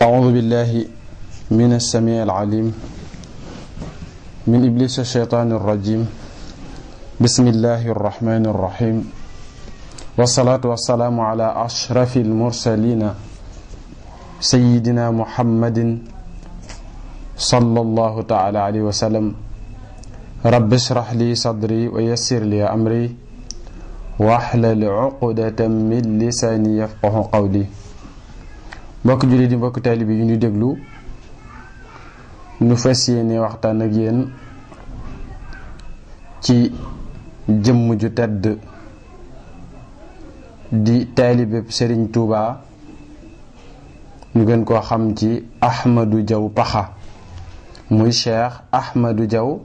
أعوذ بالله من السميع العليم من إبليس الشيطان الرجيم بسم الله الرحمن الرحيم والصلاة والسلام على أشرف المرسلين سيدنا محمد صلى الله تعالى عليه وسلم رب اشرح لي صدري ويسر لي أمري واحلل عقدة من لساني يفقه قولي mbokk jullit di mbokk taalibe yu ñu déglu nu fas yéene waxtaan ak yéen ci jëmm ju tedd di taalibe sëriñ Touba ñu gën koo xam ci Ahmadou jaw paxa muy Cheikh Ahmadou Diaw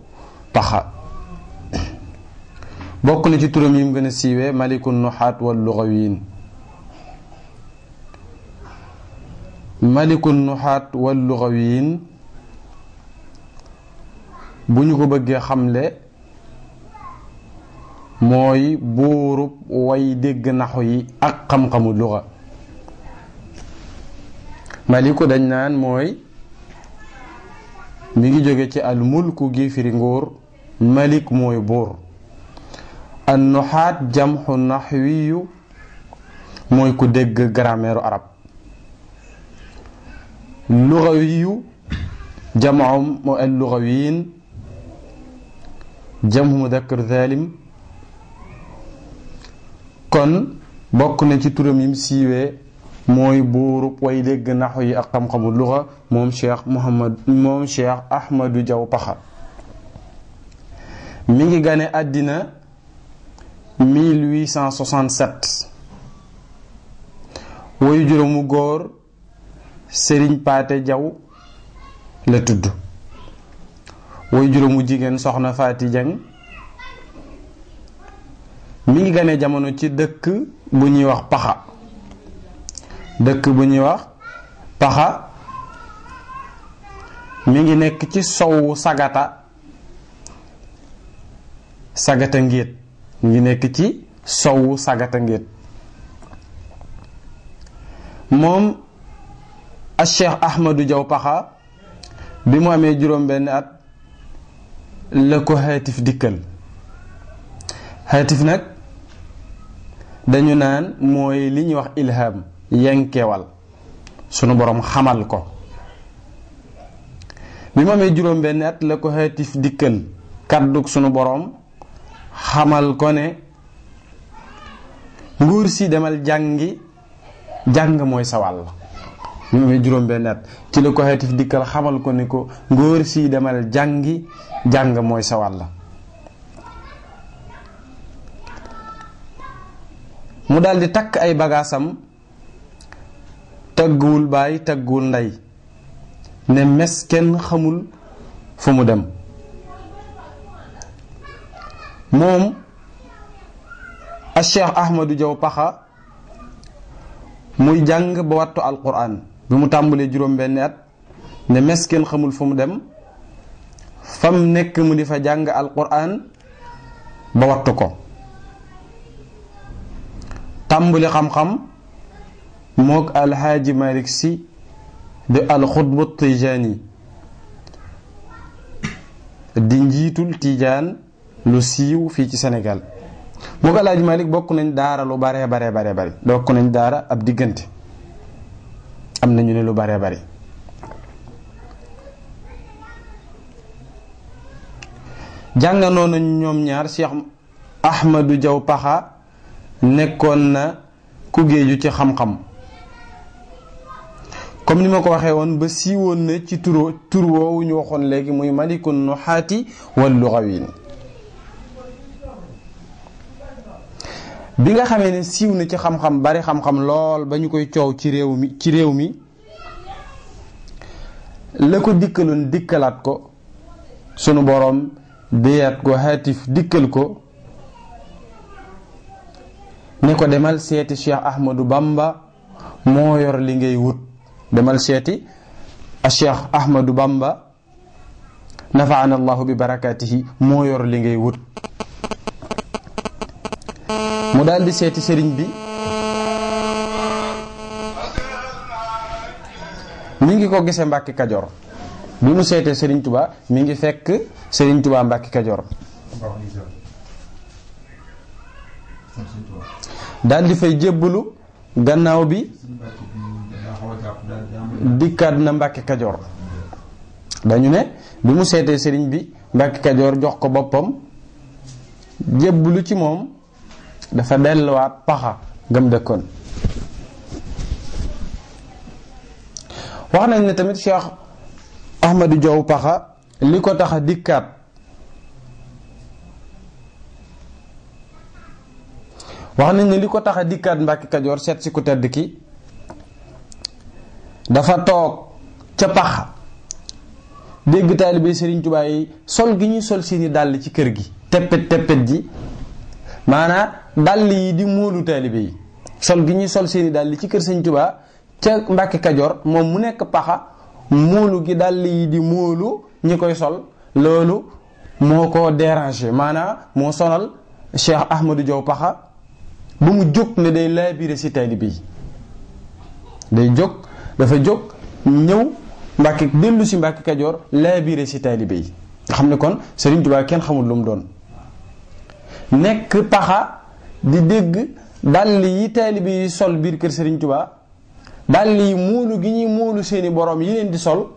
Pakha bokk na ci turam yi mu gën a siiwee malikun nuxaat wal lugawiin maliku nuxaat wal luxawiin bu ñu ko bëggee xamle mooy buurub way dégg naxu yi ak xam-xamu luxa maliku dañ naan mooy mu ngi jóge ci al mulku gi firi nguur malik mooy buur an nuxaat jamxu naxwiyu mooy ku dégg grammaire arab اللغوي جمع اللغويين جمع مذكر ذالم كن بكون انتي ترم يمسي و موي بورو بوي ديغ نحو اقام قبل اللغه موم شيخ محمد موم شيخ احمد جاو بخا ميغي غاني ادينا 1867 ويجرمو غور sëriñ paate jaw la tudd woy juróomu jigéen soxna faati jang mi ngi gane jamono ci dëkk bu ñuy wax paxa dëkk bu ñuy wax paxa mi ngi nekk ci sowu sagata sagata ngéet mu ngi nekk ci sowu sagata ngéet moom ak Cheikh Ahmadou Diaw Paxa bi mu amee juróom-benn at la ko xeetif dikkal xeetif nag dañu naan mooy li ñuy wax ilham yenkewal sunu boroom xamal ko bi mu amee juróom-benn at la ko xeetif dikkal kàddug sunu boroom xamal ko ne nguur si demal jàngi jàng mooy sa mi muy juróom benn at ci la ko xeetif dikkal xamal ko ni ko ngóor si demal jàngi jàng mooy sa wàlla mu daal di takk ay bagaasam tagguwul bay tagguwul ndey ne mes kenn xamul fu mu dem moom a cheikh ahmadou diaw paxa muy jàng ba wattu alquran bi mu tàmbalee juróom-benni at ne mes xamul fa mu dem fam nekk mu di fa jàng alquran ba wattu ko tàmbali xam-xam moog alxaaji Malik si de alxutbu tijaani di njiitul tijaan lu siiw fii ci senegal moog alxaaji Malik bokk nañ daara lu bare bare bare bare bokk nañ daara ab diggante am nañu ne lu bare bari jàngandoo nañu ñoom ñaar Cheikh Ahmadou jaw Paxa nekkoon na ku géeju ci xam-xam comme ni ma ko waxee woon ba siiwoon na ci turo tur woowu ñu waxoon léegi muy malikun nuxaati wal luxawiin bi nga xamee ne siiw na ci xam-xam bari xam-xam lool ba ñu koy coow ci réew mi ci réew mi la ko dikkaloon dikkalaat ko sunu boroom deyaat ko xaatif dikkal ko ne ko demal seeti Cheikh Ahmadou Bamba moo yor li ngay wut demal seeti a Cheikh Ahmadou Bamba nafaana allahu bi barakaatihi moo yor li ngay wut daldi seeti sëriñ bi mi ngi ko gisee Mbàkke Kajoor bi mu seetee sëriñ Tuubaa mi ngi fekk sëriñ Tuubaa Mbàkke Kajoor daldi fay jébbalu gannaaw bi dikkaat na Mbàkke Kajoor dañu ne bi mu seetee sëriñ bi Mbàkke Kajoor jox ko boppam jébbalu ci moom dafa delluwaat paxa ngam dëkkoon wax nañ ne tamit Cheikh Ahmadou Diaw paxa li ko tax a dikkaat wax nañ ne li ko tax a dikkaat Mbàkke Kajoor seet si ku tedd ki dafa toog ca paxa dégg taalibe Sëriñ Tuubaa yi sol gi ñuy sol seeni dàll ci kër gi teppet teppet ji maanaa dàll yi di móolu taalibe yi sol gi ñuy sol seeni dàll yi ci kër sëñ Tuubaa ca Mbàkke Kajoor moom mu nekk paxa móolu gi dàll yi di móolu ñu koy sol loolu moo ko dérangé maanaa moo sonal Cheikh Ahmadou Diaw paxa ba mu jóg ne day laabire si taalibe yi day jóg dafa jóg ñëw Mbàkke dellu si Mbàkke Kajoor laabire si taalibe yi xam ne kon Sëriñ Tuubaa kenn xamul lu mu doon nekk paxa di dégg dàll yi taalibe yi sol biir kër Serigne Touba dàll yi muulu gi ñuy muulu seeni boroom yi leen di sol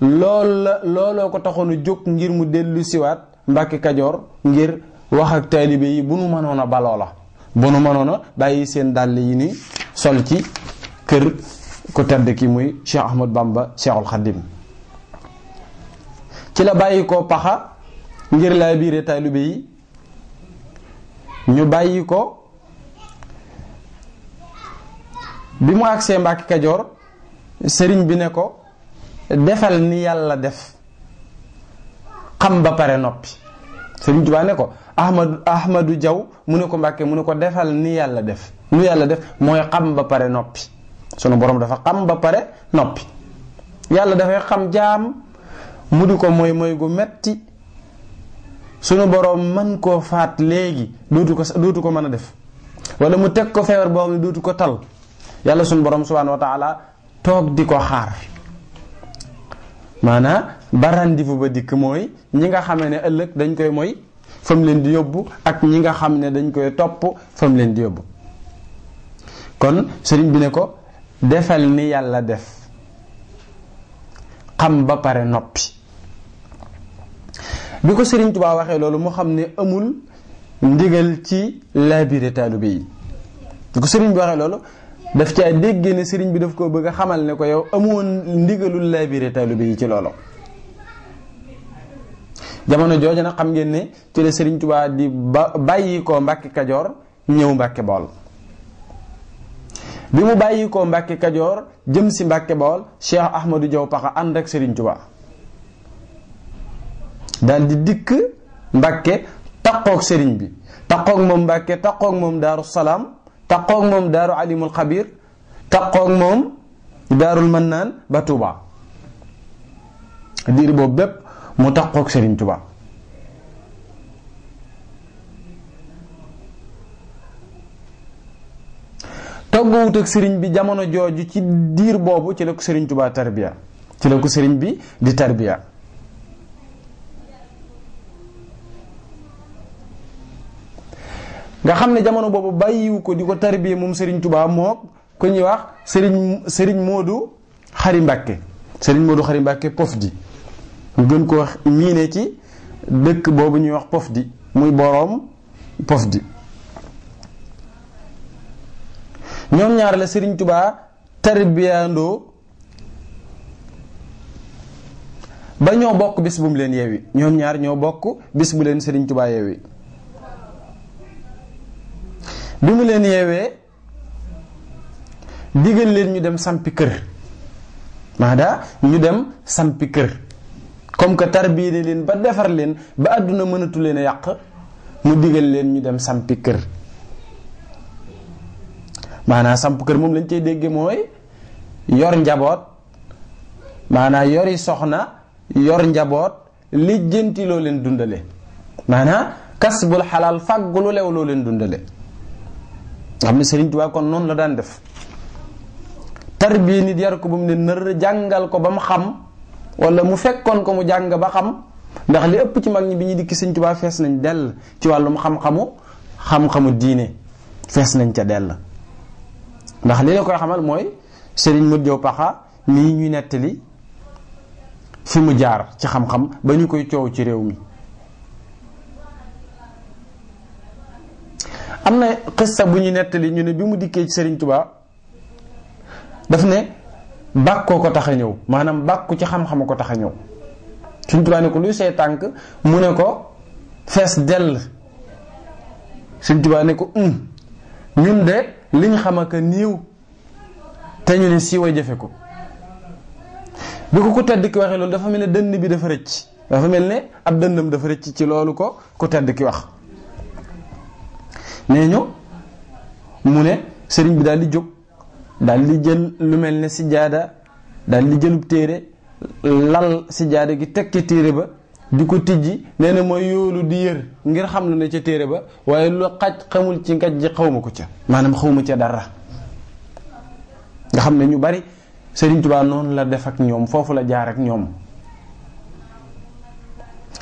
lool la looloo ko taxoon a jóg ngir mu dellu siwaat Mbàkke Kajoor ngir wax ak taalibe yi bu nu mënoon a baloo la bu nu mënoon bàyyi seen dàll yi ni sol ci kër ku tedd ki muy Cheikh Ahmad Bamba Cheikhul Khadim ci la bàyyi ko paxa ngir laay biire taalibe yi ñu bàyyi ko bi mu agsee Mbàkke Kajoor sëriñ bi ne ko defal ni yàlla def xam ba pare noppi sëriñ Tuubaa ne ko Ahmadu Jaw mu ne ko Mbàkke mu ne ko defal ni yàlla def ni yàlla def mooy xam ba pare noppi sunu borom dafa xam ba pare noppi yàlla dafay xam jaam mu di ko mooy mooy gu metti sunu boroom mën koo faat léegi dootu ko dootu ko mën a def wala mu teg ko feebar boo xam ne dootu ko tal yàlla sunu boroom subhaanahu wa taala toog di ko xaar maanaa ba rendez-vous ba dikk mooy ñi nga xam ne ëllëg dañ koy moy fa leen di yóbbu ak ñi nga xam ne dañ koy topp fa leen di yóbbu kon sëriñ bi ne ko defal ni yàlla def xam ba pare noppi bi ko Sëriñ Tuubaa waxee loolu moo xam ne amul ndigal ci laabire taalibe yi bi ko sëriñ bi waxee loolu daf caa dégg ne sëriñ bi daf koo bëgg xamal ne ko yow amoon ndigalul laabire taalibe yi ci loolu jamono jooju nag xam ngeen ne ci la Sëriñ Tuubaa di ba bàyyi ko Mbàkke Kajoor ñëw Mbàkke Bawol bi mu bàyyi ko Mbàkke Kajoor jëm si Mbàkke Bawol Cheikh Ahmadou Diaw Pakha ànd ak Sëriñ Tuubaa dal di dikk mbàkke taqoog serigne bi taqoog moom mbàkke taqoog moom darus Salam taqoog mom daru alimul xabir taqoog mom darul mannaan ba tuuba diir boobu bépp mu serigne touba togo wut ak serigne bi jamono joju ci dir bobu ci la ko sëriñ tuuba tarbiya ci la ko bi di tarbiya nga xam ne jamono boobu bàyyiwu ko di ko tarbiye moom Serigne Touba moog ku ñuy wax sëriñ sëriñ Modou Xari Mbàkke Serigne Modou Xari Mbàkke pof di ñu gën ko wax miine ci dëkk boobu ñuy wax pof di muy boroom pof di ñoom ñaar la Serigne Touba tarbiyaandoo ba ñoo bokk bis bu mu leen yeewi ñoom ñaar ñoo bokk bis bu leen Serigne Touba yeewi bi mu leen yeewee digal leen ñu dem sampi kër maada ñu dem sampi kër comme que tarbiye leen ba defar leen ba àdduna mënatu leen a yàq mu digal leen ñu dem sampi maanaa samp moom lañ cey déggee mooy yor njaboot maanaa yori soxna yor njaboot lijjanti loo leen dundale maanaa kas bul xalaal fàgg lu lew loo leen dundale xam ne Sëriñ Tuubaa kon noonu la daan def tarbiya nit yar ko ba mu ne nër jàngal ko ba mu xam walla mu fekkoon ko mu jàng ba xam ndax li ëpp ci mag ñi bi ñu dikk Sëriñ Tuubaa fees nañ dell ci wàllum xam-xamu xam-xamu diine fees nañ ca dell ndax li la koy xamal mooy Sëriñ Mat Jow Paxa nii ñuy nettali fi mu jaar ci xam-xam ba ñu koy coow ci réew mi am na xista bu ñu nettali ñu ne bi mu dikkee ci Serigne Touba daf ne bàkkoo ko tax a ñëw maanaam bàkku ci xam-xam ko tax a ñëw Serigne Touba ne ko luy say tànk mu ne ko fees dell Serigne Touba ko ñun de liñ xam ak niiw te ñu ne siiwa jëfe ko bi ko ku tedd ki waxee loolu dafa mel ne dënd bi dafa rëcc dafa mel ne ab dënnam dafa rëcc ci loolu ko ku tedd ki wax nee ñu mu ne sëriñ bi daal di jóg daal di jël lu mel ne sijaada daal di jëlub téere lal sijaada gi teg ca téere ba di ko tijji nee na mooy yoolu di yër ngir xam lu ne ca téere ba waaye lu xaj xamul ci ngaj ji xawma ko ca maanaam xawuma ca dara nga xam ne ñu bari sëriñ Tuubaa noonu la def ak ñoom foofu la jaar ak ñoom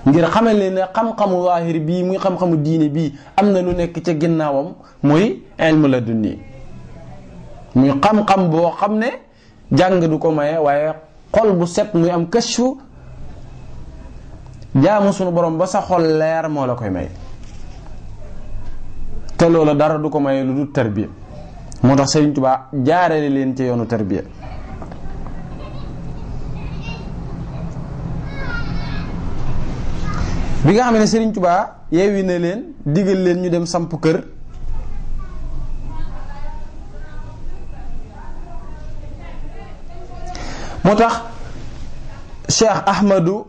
ngir xamal leen ne xam-xamu waahir bii muy xam-xamu diine bii am na lu nekk ca ginnaawam muy ilmu la dunni muy xam-xam boo xam ne jàng du ko maye waaye xol bu set muy am kashfu jaamu sunu borom ba sa xol leer moo la koy may te loolu dara du ko maye lu dul tarbiya moo tax Sëriñ Tuubaa jaarale leen ci yoonu tarbiya bi nga xam ne Serigne Touba yeewi na leen digal leen ñu dem samp kër moo tax Cheikh Ahmadou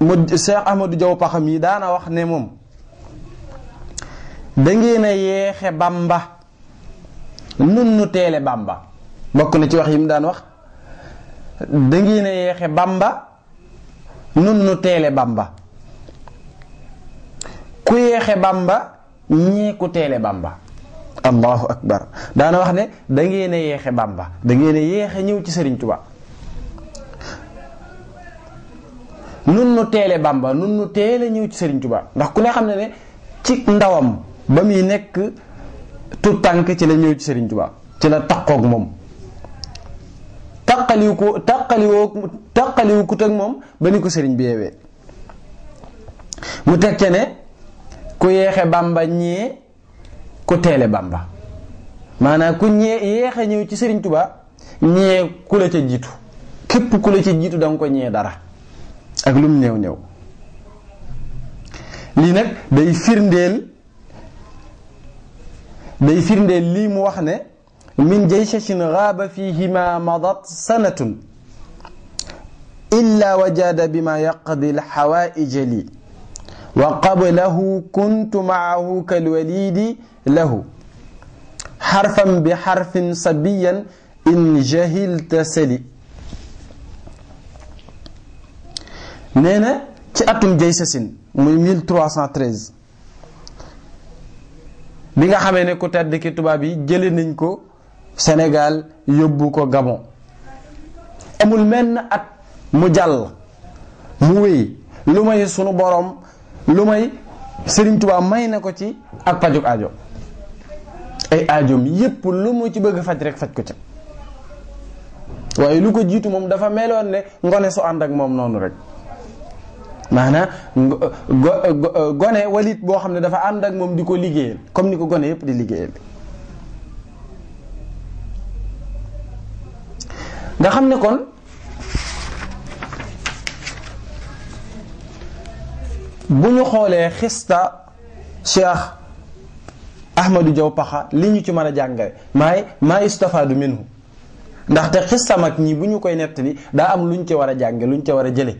mu Cheikh Ahmadou Paxam yi daana wax ne moom dangeen a yeexe Bamba nun nu teele Bamba bokk na ci wax yi mu daan wax dangeen a yeexe Bamba nun nu teele bamba ku yeexe bamba ñii ku teele bamba allahu akbar daana wax ne da ngeen a yeexe bamba da ngeen a yeexe ñëw ci sëriñ Tuubaa nun nu teele bamba nun nu teele ñëw ci sëriñ Tuubaa ndax ku ne xam ne ne ci ndawam ba muy nekk tout tànk ci la ñëw ci sëriñ Tuubaa ci la takkoog moom taqaliwu ko taqaliwoo kut ak moom ba ni ko sëriñ bi mu teg ca ne ku yeexe bàmba ñee ku teele bàmba maanaam ku ñee yeexe ñëw ci sëriñ Tuba ñee ku la ca jiitu képp ku la ca jiitu danga ko ñee dara ak lum néew néew lii nag day firndeel day firndeel lii mu wax ne من جيش غاب فيهما مضت سنة إلا وجاد بما يقضي الحوائج لي وقبله كنت معه كالوليد له حرفا بحرف صبيا إن جهلت سلي نينا تأتم جيسسين من 1313 بيغا خامي نيكو تاد ku tedd ki senegal yóbbu ko Gabon amul menn at mu jàll mu wéy lu may sunu boroom lu may Sëriñ Tuubaa may na ko ci ak pajuk ajo ay aajoom yépp lu mu ci bëgg faj rek faj ko ci waaye lu ko jiitu moom dafa meloon ne ngone su ànd ak moom noonu rek maanaam gone walit boo xam ne dafa ànd ak moom di ko liggéeyal comme ni ko gone yépp di liggéeyal nga xam ne kon bu ñu xoolee xista cheikh ahmadou jaw paxa li ñu ci mën a jàngale maay maa istafaadu minhu ndaxte xista mag ñi bu ñu koy nettali daa am lu ñu ci war a jànge lu ñu ci war a jële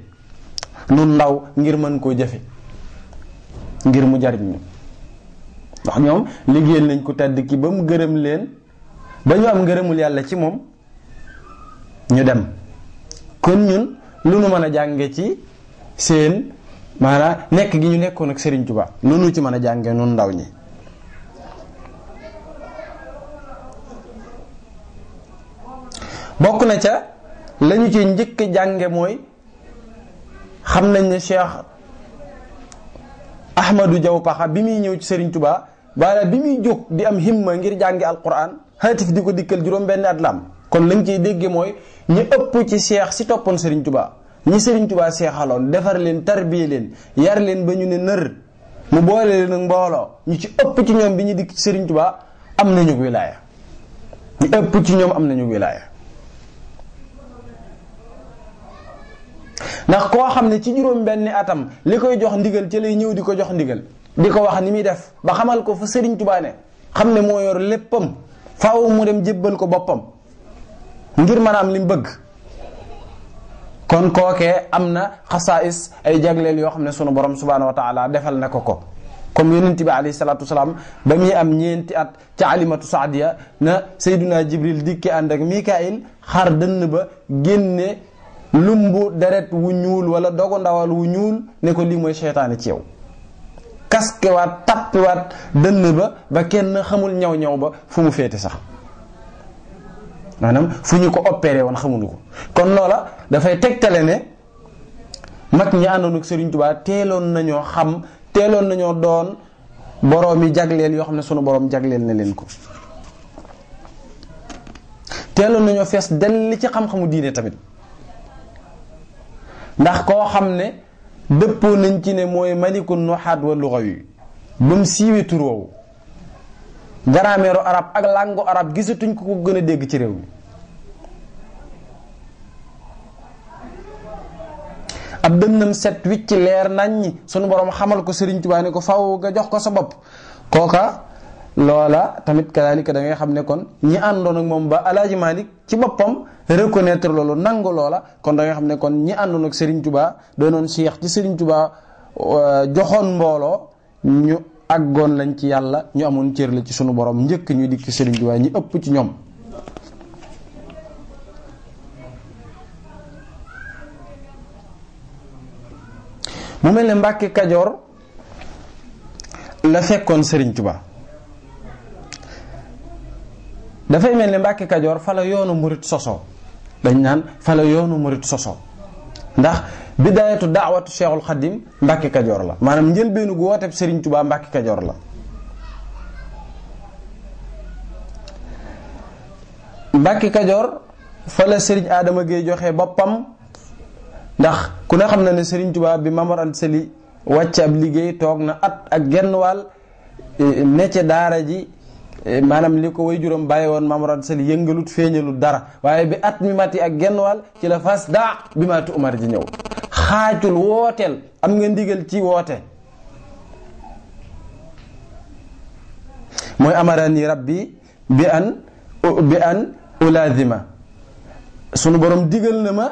nun ndaw ngir mën koo jëfe ngir mu jariñ ñu ndax ñoom liggéeyal nañ ko tedd ki ba mu gërëm leen ba ñu am ngërëmul yàlla ci moom ñu dem kon ñun lu nu mën a jànge ci seen maanaam nekk gi ñu nekkoon ak sëriñ tubaa lu nu ci mën a jànge nun ndaw ñi bokk na ca lañu ci njëkk jànge mooy xam nañ ne Cheikh Ahmadou Diaw Pakha bi muy ñëw ci Serigne tubaa wala bi muy jóg di am himma ngir jànge alquran xaatif di ko dikkal juróom benn at la kon lañ ciy dégge mooy ñi ëpp ci seex si toppoon Serigne tubaa ñi sëriñ tubaa seexaloon defar leen tarbiye leen yar leen ba ñu ne nër mu boole leen mbooloo ñu ci ëpp ci ñoom bi ñu dikk sëriñ Touba am nañu wilaaya ñu ëpp ci ñoom am nañu wilaaya ndax koo xam ne ci juróom benni atam li koy jox ndigal ci lay ñëw di ko jox ndigal di ko wax ni muy def ba xamal ko fa sëriñ Touba ne xam ne moo yor léppam faaw mu dem jébbal ko boppam ngir mën a am li mu bëgg kon kookee am na xasaais ay jagleel yoo xam ne sunu borom subhaanahu defal na ko ko comme yonent bi alayhi salaatu wasalaam am ñeenti at ca alimatu saadiya na sayduna jibril dikki ànd ak mikail xar dënn ba génne lumbu deret wu ñuul wala dogo ndawal wu ñuul ne ko lii mooy seytaane ci yow kaskewaat tappiwaat dënn ba ba kenn xamul ñaw ñaw ba fu mu féete sax maanaam fu ñu ko opéré woon xamuñu ko kon loola dafay tegtale ne mag ñi àndoon ak Serigne Touba teeloon nañoo xam teeloon nañoo doon boroom yi jagleel yoo xam ne sunu boroom jagleel na leen ko teeloon nañoo fees dell ci xam-xamu diine tamit ndax koo xam ne dëppoo nañ ci ne mooy maliku nuxaat wa luxawi ba mu siiwee tur woowu garaameeru arab ak làngu arab gisatuñ ko ko gën a dégg ci réew mi ab dënnam set wicc leer nañ sunu borom xamal ko Sëriñ Tuubaa ne ko faw nga jox ko sa bopp kooka loola tamit kadaalika da ngay xam ne kon ñi àndoon ak moom ba alaaji maanik ci boppam reconnaître loolu nangu loola kon dangay xam ne kon ñi àndoon ak Sëriñ Tuubaa doonoon Cheikh ci Sëriñ Tuubaa euh, joxoon mbooloo ñu àggoon lañ ci yàlla ñu amoon cër la ci sunu borom njëkk ñuy dikk sëriñ bi waaye ñi ëpp ci ñoom mu mel ni Mbàkke Kajoor la fekkoon Sëriñ Tuba dafay mel ne Mbàkke Kajoor fa yoonu murit soso dañ naan fa yoonu murit soso ndax bidaayatu daawatu cheikhul xadim Mbàkke Kajoor la maanaam njëlbeenu gu wooteb Serigne tubaa Mbàkke Kajoor la mbaki Kajoor fa la Serigne Adama Gueye joxe boppam ndax ku ne xam na ne Serigne Touba bi Mamor Anta Sali wàcc ab liggéey toog na at ak genn wàll e, necce daara ji e, maanaam li ko way juróom bàyyi woon maamorad sali yëngalut feeñalut dara waaye bi at mi mati ak genn wàll ci la fas daa bi maatu umar ji ñëw xaajul wooteel am nga ndigal ci woote mooy amarani rabbi bi an bi an ulaazima sunu borom digal na ma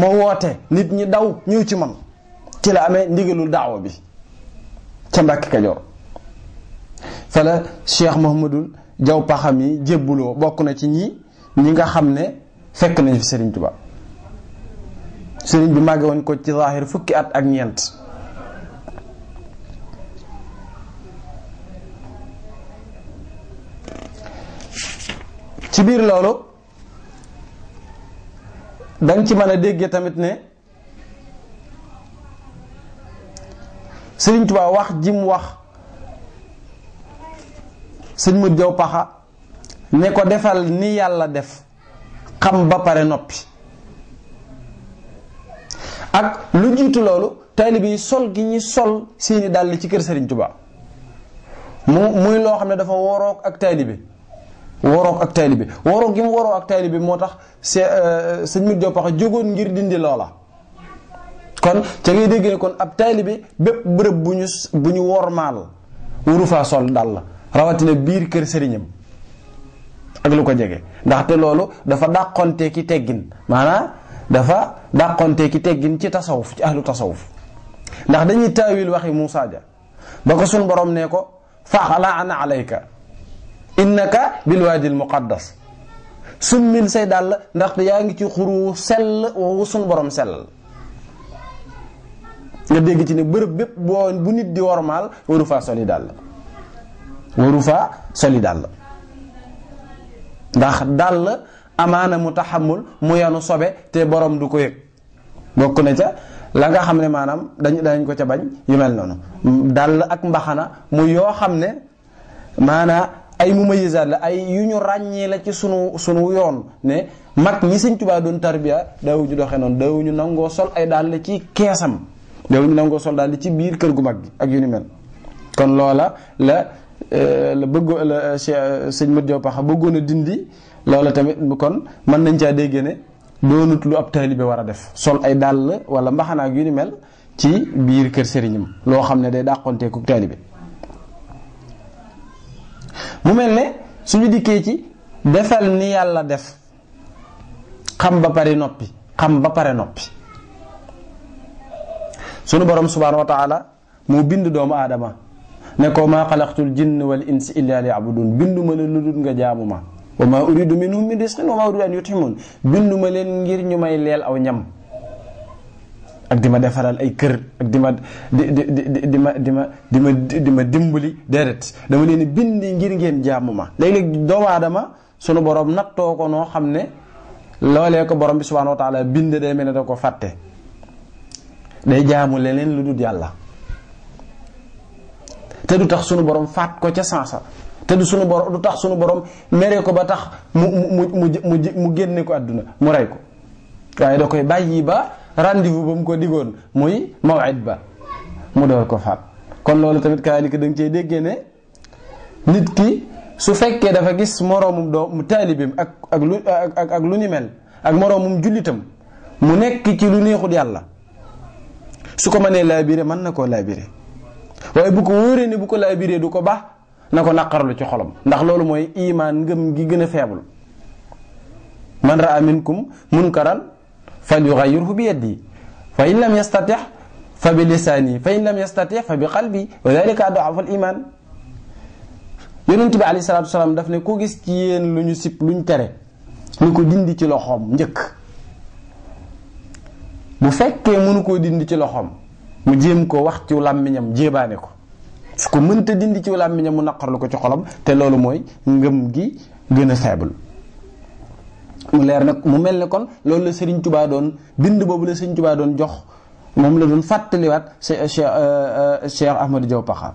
ma woote nit ñi daw ñëw ci man ci la amee ndigalul daawa bi ca Mbàkke Kajoor fa la Cheikh Jaw Paxam yi jébbuloo bokk na ci ñi ñi nga xam ne fekk nañu fi Sëriñ Tuubaa sëriñ bi màgge woon ko ci zaahir fukki at ak ñeent ci biir loolu danga ci mën a dégge tamit ne sëriñ Tuubaa wax jim wax sëñ mu jow paxa ne ko defal ni yàlla def xam ba pare noppi ak lu jiitu loolu taalibe yi sol gi ñi sol seeni dàll ci kër Serigne Touba mu muy loo xam ne dafa woroog ak taalibe woroog ak taalibe woroog gi mu waroo ak taalibe moo tax sëñ euh, Modou Diop wax jógoon ngir dindi loola. kon ca ngay dégg ne kon ab taalibe bépp bërëb bu ñu bu ñu wormaal waru faa sol dàll rawatina biir kër sëriñam ak lu ko jege ndaxte loolu dafa dàqonte ki teggin maanaam. dafa dakonté ki teggin ci tasawuf ci ahlu tasawuf ndax dañuy tawil waxi musa ja ba ko sun borom ne ko fa laana alayka innaka muqaddas sun min say dal ndax ya ngi ci khuru sel woowu sun borom sel nga dégg ci ne bërëb bépp bo bu nit di wormaal waru fa soli dal waru fa soli dal ndax dal amaana mu taxamul mu yanu sobe te borom du ko yëg bokk na ca la nga xam ne maanaam dañ dañ ko ca bañ yu mel noonu dal ak mbaxana mu yoo xam ne maanaa ay mumayisaat la ay yu ñu ràññee la ci sunu sunu yoon ne mag ñi sëñ Tuubaa doon tarbiya daawuñu doxee noonu daawuñu nangoo sol ay dàll ci keesam daawuñu nangoo sol dàll ci biir kër gu mag gi ak yu ni mel kon loola la euh, la bëgg euh, sëñ Mat Jow Paxa bëggoon a dindi loola tamit kon mën nañ caa dégg ne doonut lu ab taalibe war a def sol ay dàll wala mbaxanaak yu ni mel ci biir kër sëriñam loo xam ne day dàqonteeku taalibe mu mel ne suñu dikkee ci defal ni yàlla def xam ba pare noppi xam ba pare noppi sunu borom subhaanahu wa taala moo bind doomu aadama ne ko maa xalaqtul jinn wal insi illa li abudun bindu ma la ludul nga jaamu ma wa maa uridu minhum min risqin wa maa uridu an yutximun bindu ma leen ngir ñu may leel aw ñam ak di ma defaral ay kër ak di ma di di di ma di ma di ma di dimbali déedéet dama leen bind ngir ngeen jaamu ma léeg aadama sunu borom nattoo ko noo xam ne loolee ko borom bi subhaanahu bind day mel ne da ko fàtte day jaamu leneen lu dul yàlla te du tax sunu borom fàtt ko ca sansa te du sunu borom du tax sunu borom mere ko ba tax mu mu mu mu mu ko aduna mu ray ko waye da koy bayyi ba rendez-vous bam ko digon muy mawid ba mu do ko fa kon lolu tamit kaani da nga cey déggé ne nit ki su fekkee dafa gis moroomum mu taalibim ak ak lu ak ak lu ni mel ak moromum julitam mu nekk ci lu neexul yalla su ko mané labiré man na labiré waye bu ko wóoree ni bu ko labiré du ko na ko naqarlu ci xolam ndax loolu mooy iman ngëm gi gën a faible man raa minkum munkaran falyughayyirhu bi yadihi fa in lam yastatih fa bi lisanihi fa in lam yastatih fa bi qalbi wa dhalika ad'afu al iman yonent bi alayhi salatu wasalam daf ne ku gis ci yéen lu ñu sib lu ñu tere ni ko dindi ci loxoom njëkk bu fekkee mënu koo dindi ci loxoom mu jéem ko wax ci làmmiñam jéebaane ko su ko mënta dindi ci mi làmmiñam mu naqarlu ko ci xolam te loolu mooy ngëm gi gën a faible mu leer nag mu mel ne kon loolu la sëriñ Touba doon bind boobu la Serigne Touba doon jox moom la doon fàttaliwaat Cheikh euh, euh, Cheikh Ahmadou Diaw Pakha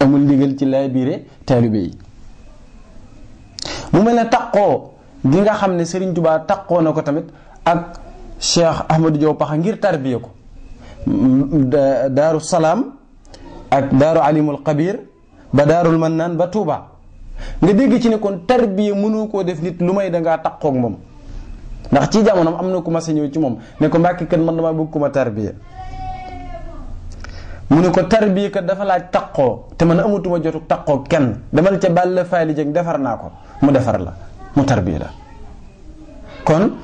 amul ndigal ci lay biire taalibe yi mu mel ne taqoo gi nga xam ne Serigne Touba taqoo na ko tamit ak Cheikh Ahmadou Diaw Pakha ngir tarbiya ko daaru salaam ak daaru alimul Kabir ba daarul mannaan ba Touba nga dégg ci ne kon tarbiya mënu koo def nit lu may da taqook moom ndax ci jamonoom am na ko ma sa ñëw ci moom ne ko mbàkki kat man damaa bëgg ku ma tarbiya mu ne ko tarbiya kat dafa laaj taqoo te man amatuma jotu taqoo kenn demal ca bàll faali jëng defar naa ko mu defar la mu tarbiya la kon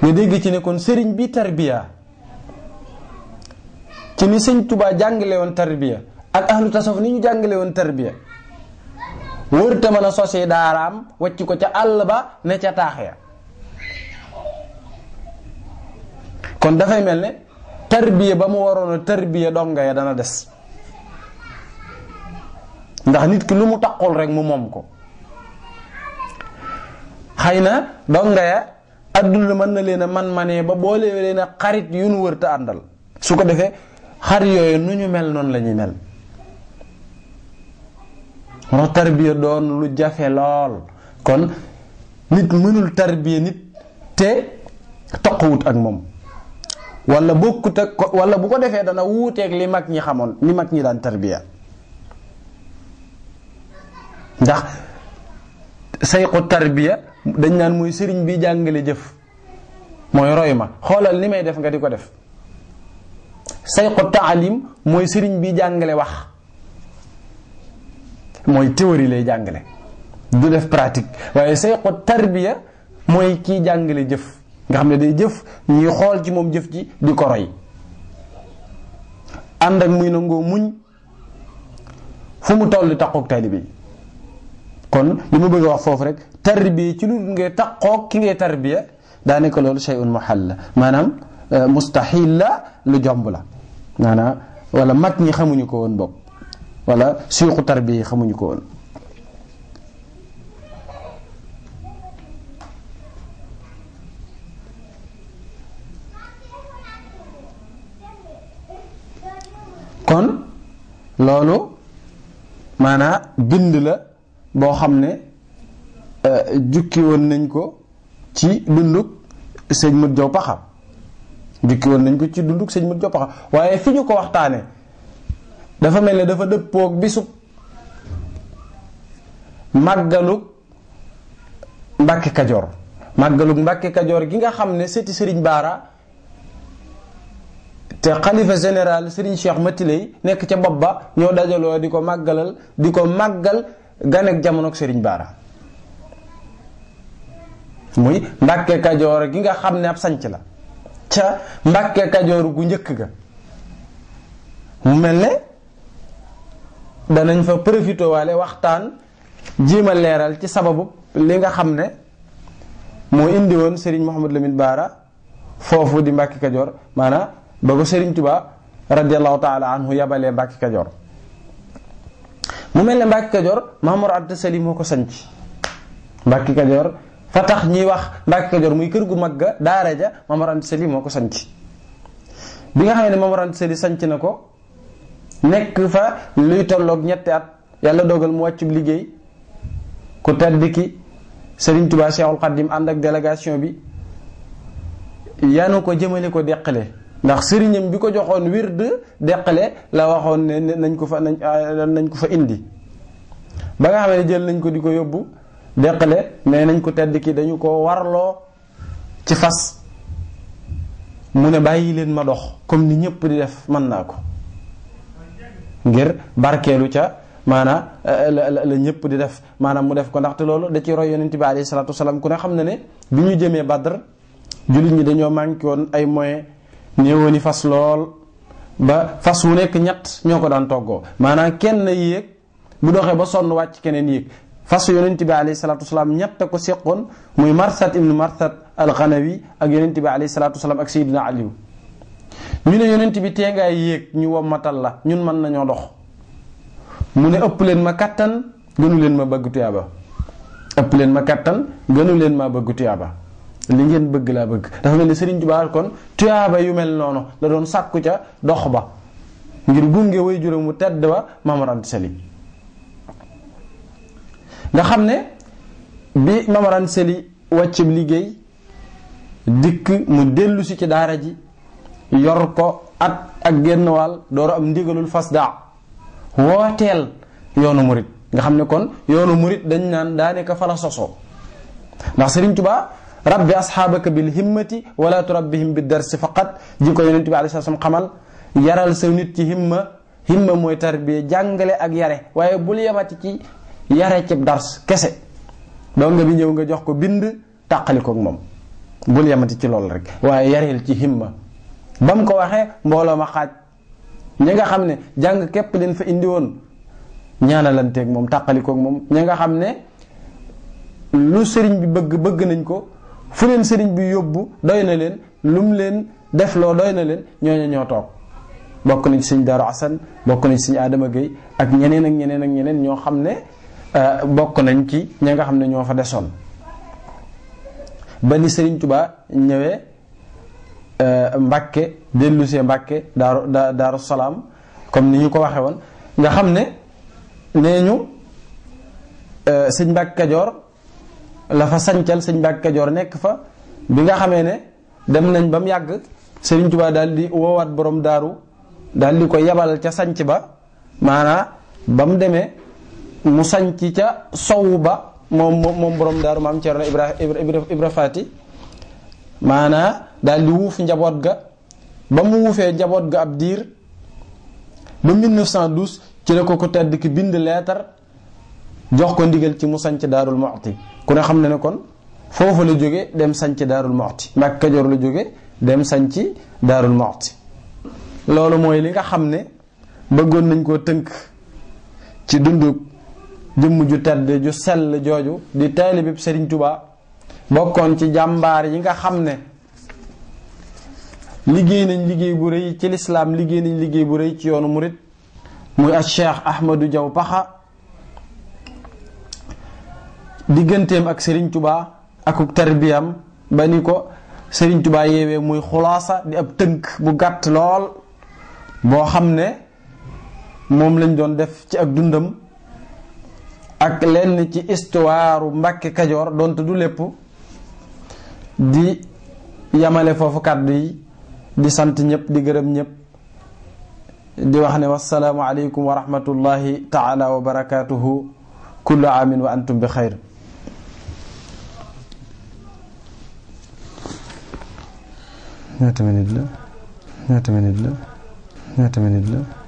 nga dégg ci ne kon sëriñ bi tarbiya ci ni sëñ Touba jàngale woon tarbiya ak ahlu tasawuf ni ñu jàngale woon tarbiya wërta mën a sosee daaraam wàcc ko ca àll ba ne ca taax ya kon dafay mel ne tarbiya ba mu waroon a tarbiya donga ya dana des ndax nit ki lu mu taqul rek mu moom ko xëy na donga ya adduna mën na leen man-manee ba boole leen a xarit yu nu wërta àndal su ko defee xar yooyu nu ñu mel noonu la ñuy mel moo tarbiya doon lu jafe lool kon nit mënul tarbiya nit te toqwut ak moom wala bokkut ak wala bu ko defee dana wuuteeg li mag ñi xamoon li mag ñi daan tarbiya ndax sayqu tarbiya dañ naan muy sëriñ bi jàngale jëf mooy roy ma xoolal ni may def nga di ko def sayqu taalim mooy sëriñ bi jàngale wax mooy théorie lay jàngale du def pratique waaye sayqu tarbiya mooy kii jàngale jëf nga xam ne day jëf ñuy xool ci moom jëf ji di ko roy ànd ak muy nangoo muñ fu mu toll taqoog taalibe bi kon lu ma bëgg a wax foofu rek tarbiya ci lu ngay taqoog ki ngay tarbiya daanaka loolu shay'un muhal la maanaam eh, mustahil la lu jomb la maanaam wala mag ñi xamuñu ko woon bokk wala suuxu tarbiya xamuñu ko woon kon loolu maanaa bind la boo xam ne euh, jukki woon nañ ko ci dundug sëñ Mat Jaw Paxa jukki woon nañ ko ci dunduk sëñ ma Diop Paxa waaye fi ñu ko waxtaanee dafa mel ne dafa dëppoog bisub màggalug Mbàkke Kajoor màggalug Mbàkke Kajoor gi nga xam ne sëti sëriñ Baara te xalifa général sëriñ Cheikh Matiley nekk ca bopp ba ñoo dajaloo di ko màggalal di ko màggal ganek jamonoog sëriñ Baara muy Mbàkke Kajoor gi nga xam ne ab sanc la ca mbàkke kajoor gu njëkk ga mu mel ne danañ fa profité waale waxtaan jiima leeral ci sababu li nga xam ne moo indi woon Serigne Mouhamadou Lamine Baara foofu di Mbàkke Kajoor maanaam ba ko Serigne Touba radiallahu taala anhu yabalee Mbàkke Kajoor mu mel ne Mbàkke Kajoor Mamour Abdou Salim moo ko sanc Mbàkke Kajoor fa tax ñiy wax Mbàkke Kajoor muy kër gu mag ga daara ja Mamar Anta Sali moo ko sanc bi nga xam ne Mamar Anta Sali sanc na ko nekk fa luy tolloog ñetti at yàlla dogal mu wàccub liggéey ku tedd ki Sëriñ Tuubaa Seexul Xadiim ànd ak délégation bi yanu ko jëmale ko deqale ndax sëriñam bi ko joxoon wir wird deqale la waxoon ne nañ ko fa nañ nañ ko fa indi ba nga xam ne jël nañ ko di ko yóbbu deqale nee nañ ko tedd ki dañu ko warloo ci fas mu ne bàyyi leen ma dox comme ni ñëpp di def mën naa ko ngir barkeelu ca maanaam eh, eh, la ñëpp di def maanaam mu def ko ndaxte loolu da ci roy yonent bi alayhi salaatu wasalaam ku ne xam na ne bi ñu jëmee Badr jullit ñi dañoo manqué woon ay moyens néewoon i fas lool ba fas wu nekk ñett ñoo ko daan toggoo maanaam kenn yéeg bu doxee ba sonn wàcc keneen yéeg fas yonent bi alayhi salatu wasalaam ñett ko seqoon muy marsat ibnu marsat alxanawi ak yonent bi alayhi salatu wasalaam ak sayidina aliyu ñu ne yonent bi tee ngaay yéeg ñu wommatal la ñun mën nañoo dox mu ne ëpp leen ma kattan gënu leen ma bëgg tuyaaba ëpp leen ma kattan gënu leen ma bëgg tuyaaba li ngeen bëgg laa bëgg dafa mel ni Sëriñ Tuubaa kon tuyaaba yu mel noonu la doon sàkku ca dox ba ngir gunge way juróom mu tedd ba Maam Mor Anta nga xam ne bi mamaran seli wàccib liggéey dikk mu dellusi ci daara ji yor ko at ak genn wàll door am ndigalul fas daa wooteel yoonu murit nga xam ne kon yoonu murit dañ naan daanaka fa la sosoo ndax Sëriñ Tuubaa rabbi asxaabaka bil himmati wala turabbihim bi darsi faqat ji ko yonent bi alayhi salaam xamal yaral sa nit ci himma himma mooy tarbiya jàngale ak yare waaye bul yemati ci yare cib dars kese donga bi ñëw nga jox ko bind tàqalikoog moom bul yamati ci loolu rek waaye yareel ci himma ba mu ko waxee mbooloo ma xaaj ñi nga xam ne jàng képp leen fa indi woon ñaanalanteeg moom tàqalikoog moom ñi nga xam ne lu sëriñ bi bëgg bëgg nañ ko fu leen sëriñ bi yóbbu doy na leen lu mu leen def loo doy na leen ñooñu ñoo toog bokk nañ ci dara Daaru Asan bokk nañ ci aadama Adama ak ñeneen ak ñeneen ak ñeneen ñoo xam ne Euh, bokk nañ ci ña nga xam ne ñoo fa desoon ba ni Sëriñ Tuubaa ñëwee euh, Mbàkke dellusee Mbàkke daaru daaru salaam comme ni ñu ko waxe woon nga xam ne nee ñu euh, sëñ Mbàkke Kajoor la fa sancal sëñ Mbàkke Kajoor nekk fa bi nga xamee ne dem nañ ba mu yàgg Sëriñ Tuubaa daal di woowaat borom daaru daal di ko yabal ca sanc ba maanaa ba mu demee mu sañc ca sow ba moom moom borom daaru maam Cerno Ibra Ibra fati maanaa daal di wuuf njaboot ga ba mu wuufee njaboot ga ab diir ba 1912 ci la ko ko tedd ki bind leetar jox ko ndigal ci mu daarul moxti ku ne xam ne kon foofu la jóge dem sañc daarul moxti Mbàkke Kajoor la jóge dem sanci darul moxti loolu mooy li nga xam ne bëggoon nañ koo ci dundug jëmm ju tedd ju sell jooju di taalibib sëriñ Touba bokkoon ci jàmbaar yi nga xam ne liggéey nañ liggéey bu rëy ci lislaam liggéey nañ liggéey bu rëy ci yoonu murit muy ak Cheikh Ahmadou jaw Paxa digganteem ak Serigne Touba akuk tarbiyam ba ni ko Serigne Touba yeewee muy xulaasa di ab tënk bu gàtt lool boo xam ne moom lañ doon def ci ak dundam ak lenn ci histoire mbacke kadior don du lepp di yamale fofu kaddu yi di sante ñep di gërem ñep di wax ne wassalamu alaykum wa rahmatullahi taala wa barakatuh kullu amin wa antum bi khair ñaata minute la ñaata minute la ñaata minute la